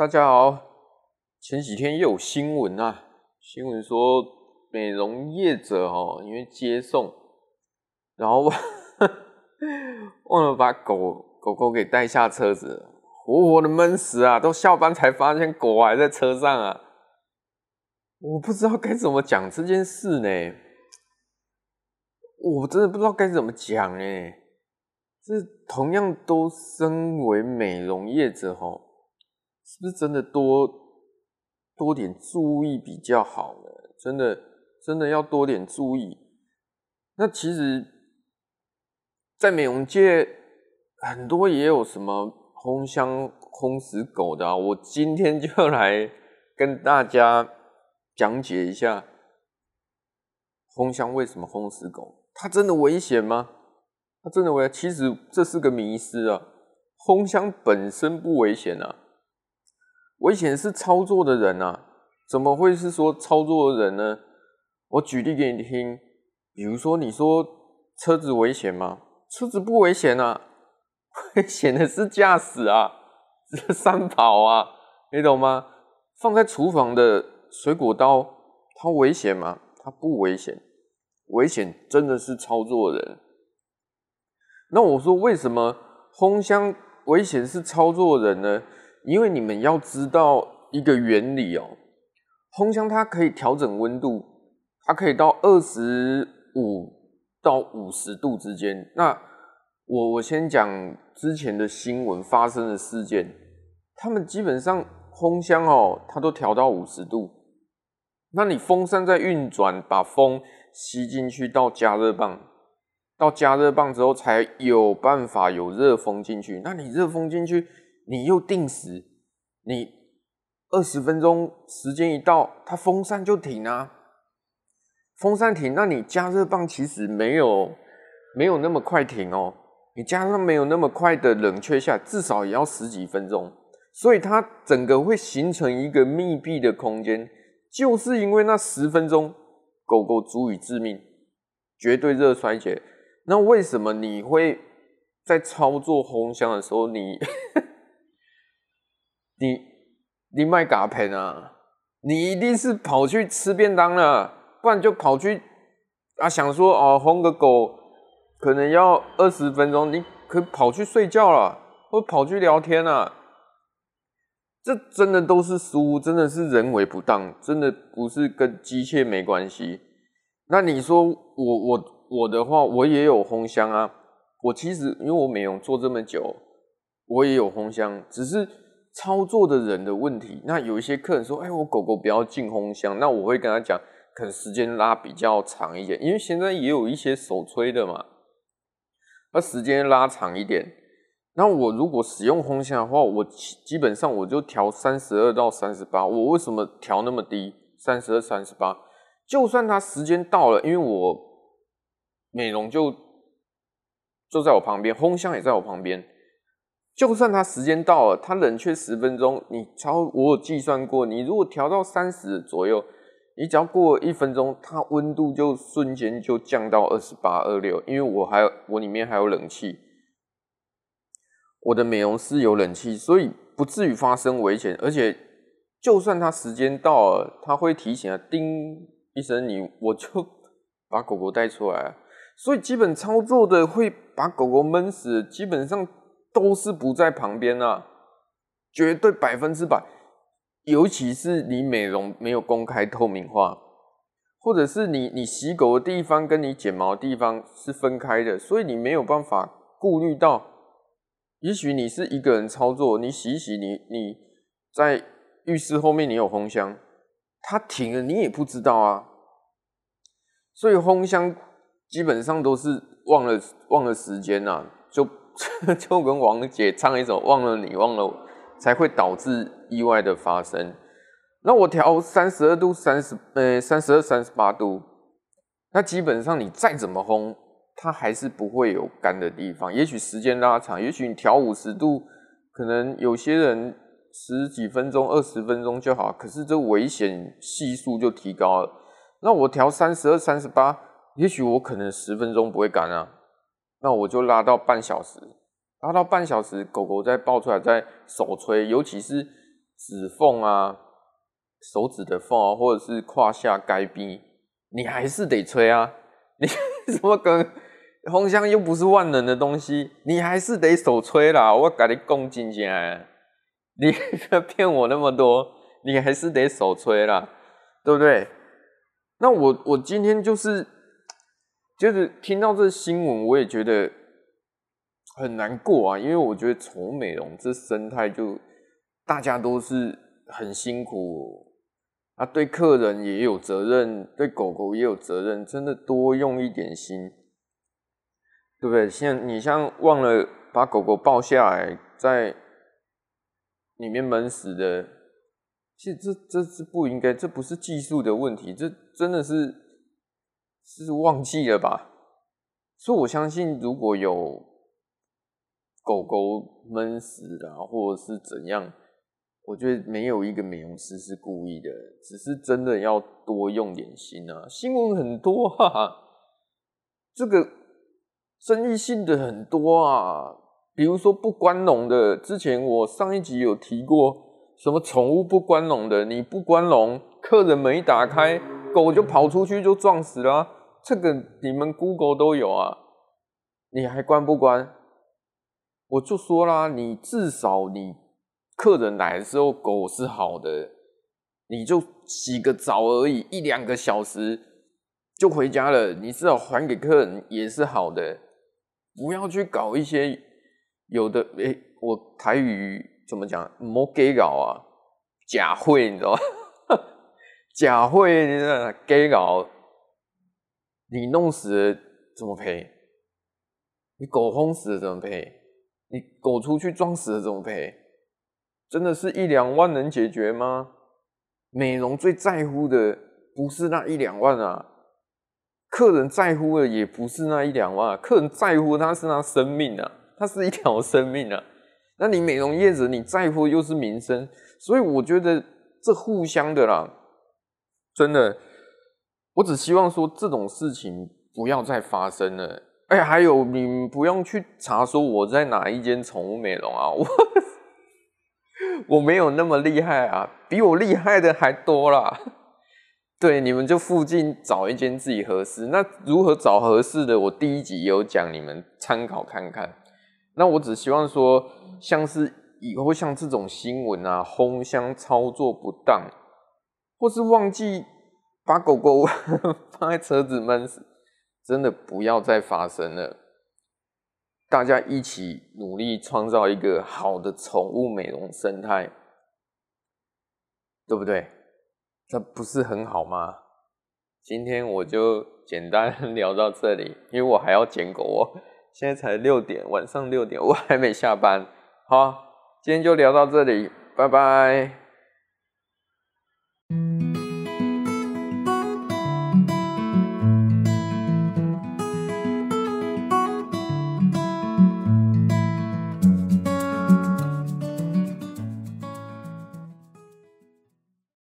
大家好，前幾天又有新聞啊，新聞說美容業者哦，因為接送，然後忘 忘了把狗狗狗給帶下車子，活活的悶死啊！都下班才發現狗還在車上啊！我不知道該怎麼講這件事呢，我真的不知道該怎麼講哎、欸，這同樣都身為美容業者哦。是不是真的多多點注意比較好呢？真的，真的要多點注意。那其實，在美容界，很多也有什麼烘箱烘死狗的啊！我今天就來跟大家講解一下烘箱為什麼烘死狗。它真的危險嗎？它真的危險。其實這是個迷思啊！烘箱本身不危險啊。危險是操作的人吶、啊，怎麼會是說操作的人呢？我舉例給你聽，比如說你說，車子危險嗎？車子不危險啊，危險的是駕駛啊，是上跑啊，你懂嗎？放在廚房的水果刀，它危險嗎？它不危險，危險真的是操作人。那我說，為什麼烘箱危險是操作人呢？因為你們要知道一個原理哦，烘箱它可以調整溫度，它可以到二十五到五十度之間。那我我先講之前的新聞發生的事件，他們基本上烘箱哦，它都調到五十度。那你風扇在運轉，把風吸進去到加熱棒，到加熱棒之後才有辦法有熱風進去。那你熱風進去。你又定時，你二十分鐘時間一到，它風扇就停啊，風扇停，那你加熱棒其實沒有沒有那麼快停哦，你加熱沒有那麼快的冷卻下，至少也要十幾分鐘，所以它整個會形成一個密閉的空間，就是因為那十分鐘，狗狗足以致命，絕對熱衰竭。那為什麼你會在操作烘箱的時候，你？你你賣嘎啡呢？你一定是跑去吃便當了，不然就跑去啊，想說哦烘個狗可能要二十分鐘，你可跑去睡覺了，或跑去聊天了。這真的都是失誤，真的是人為不當，真的不是跟機械沒關係。那你說我我我的話，我也有烘箱啊。我其實因為我美容做這麼久，我也有烘箱，只是。操作的人的問題，那有一些客人說：“哎、欸，我狗狗不要進烘箱。”那我會跟他講，可能時間拉比較長一點，因為現在也有一些手吹的嘛，那時間拉長一點。那我如果使用烘箱的話，我基基本上我就調三十二到三十八。我為什麼調那麼低？三十二、三十八，就算它時間到了，因為我美容就就在我旁邊，烘箱也在我旁邊。就算它時間到了，它冷卻十分鐘，你超，我有計算過，你如果調到三十左右，你只要過一分鐘，它溫度就瞬間就降到二十八、二十六，因為我還有我裡面還有冷氣，我的美容室有冷氣，所以不至於發生危險。而且，就算它時間到了，它會提醒啊，叮一聲，你我就把狗狗帶出來。所以基本操作的會把狗狗悶死，基本上。都是不在旁邊啊，絕對百分之百。尤其是你美容沒有公開透明化，或者是你，你洗狗的地方跟你剪毛的地方是分開的，所以你沒有辦法顧慮到。也許你是一個人操作，你洗洗你，你，你在浴室後面你有烘箱，它停了你也不知道啊。所以烘箱基本上都是忘了，忘了時間啊，就。 這就跟王姐唱一首《忘了你，忘了我》，才會導致意外的發生。那我調三十二度，三十呃三十二、三十八度，那基本上你再怎麼烘，它還是不會有乾的地方。也許時間拉長，也許你調五十度，可能有些人十幾分鐘、二十分鐘就好，可是這危險係數就提高了。那我調三十二、三十八，也許我可能十分鐘不會乾啊。那我就拉到半小時，拉到半小時，狗狗再抱出來再手吹，尤其是指縫啊、手指的縫啊，或者是胯下該逼，你還是得吹啊！你怎麼跟烘箱又不是萬能的東西，你還是得手吹啦！我跟你共進進來，你騙我那麼多，你還是得手吹啦，對不對？那我我今天就是。就是聽到這新聞，我也覺得很難過啊，因為我覺得寵物美容這生態就大家都是很辛苦、哦，啊，對客人也有責任，對狗狗也有責任，真的多用一點心，對不對？像你像忘了把狗狗抱下來，在裡面悶死的，其實這這這是不應該，這不是技術的問題，這真的是。是忘記了吧？所以我相信，如果有狗狗悶死啦，或者是怎樣，我覺得沒有一個美容師是故意的，只是真的要多用點心啊。新聞很多啊，這個爭議性的很多啊，比如說不關籠的，之前我上一集有提過，什麼寵物不關籠的，你不關籠，客人門一打開，狗就跑出去就撞死了啊。這個你們 Google 都有啊，你還關不關？我就說啦，你至少你客人來的時候狗是好的，你就洗個澡而已，一兩個小時就回家了，你至少還給客人也是好的。不要去搞一些有的。誒，我台語怎麼講？摩給搞啊，假會你知道嗎？假會你那給搞。你弄死了怎麼賠？你狗烘死了怎麼賠？你狗出去撞死了怎麼賠？真的是一兩萬能解決嗎？美容最在乎的不是那一兩萬啊，客人在乎的也不是那一兩萬啊，客人在乎的他是他生命啊，他是一條生命啊。那你美容業者你在乎的又是名聲，所以我覺得這互相的啦，真的。我只希望說這種事情不要再發生了、欸。哎，還有，你們不用去查說我在哪一間寵物美容啊，我我沒有那麼厲害啊，比我厲害的還多啦。對，你們就附近找一間自己合適。那如何找合適的？我第一集有講，你們參考看看。那我只希望說，像是以後像這種新聞啊，烘箱操作不當，或是忘記。把狗狗放在車子悶死，真的不要再發生了。大家一起努力創造一個好的寵物美容生態，對不對？這不是很好嗎？今天我就簡單聊到這裡，因為我還要剪狗喔。現在才六點，晚上六點，我還沒下班。好，今天就聊到這裡，拜拜。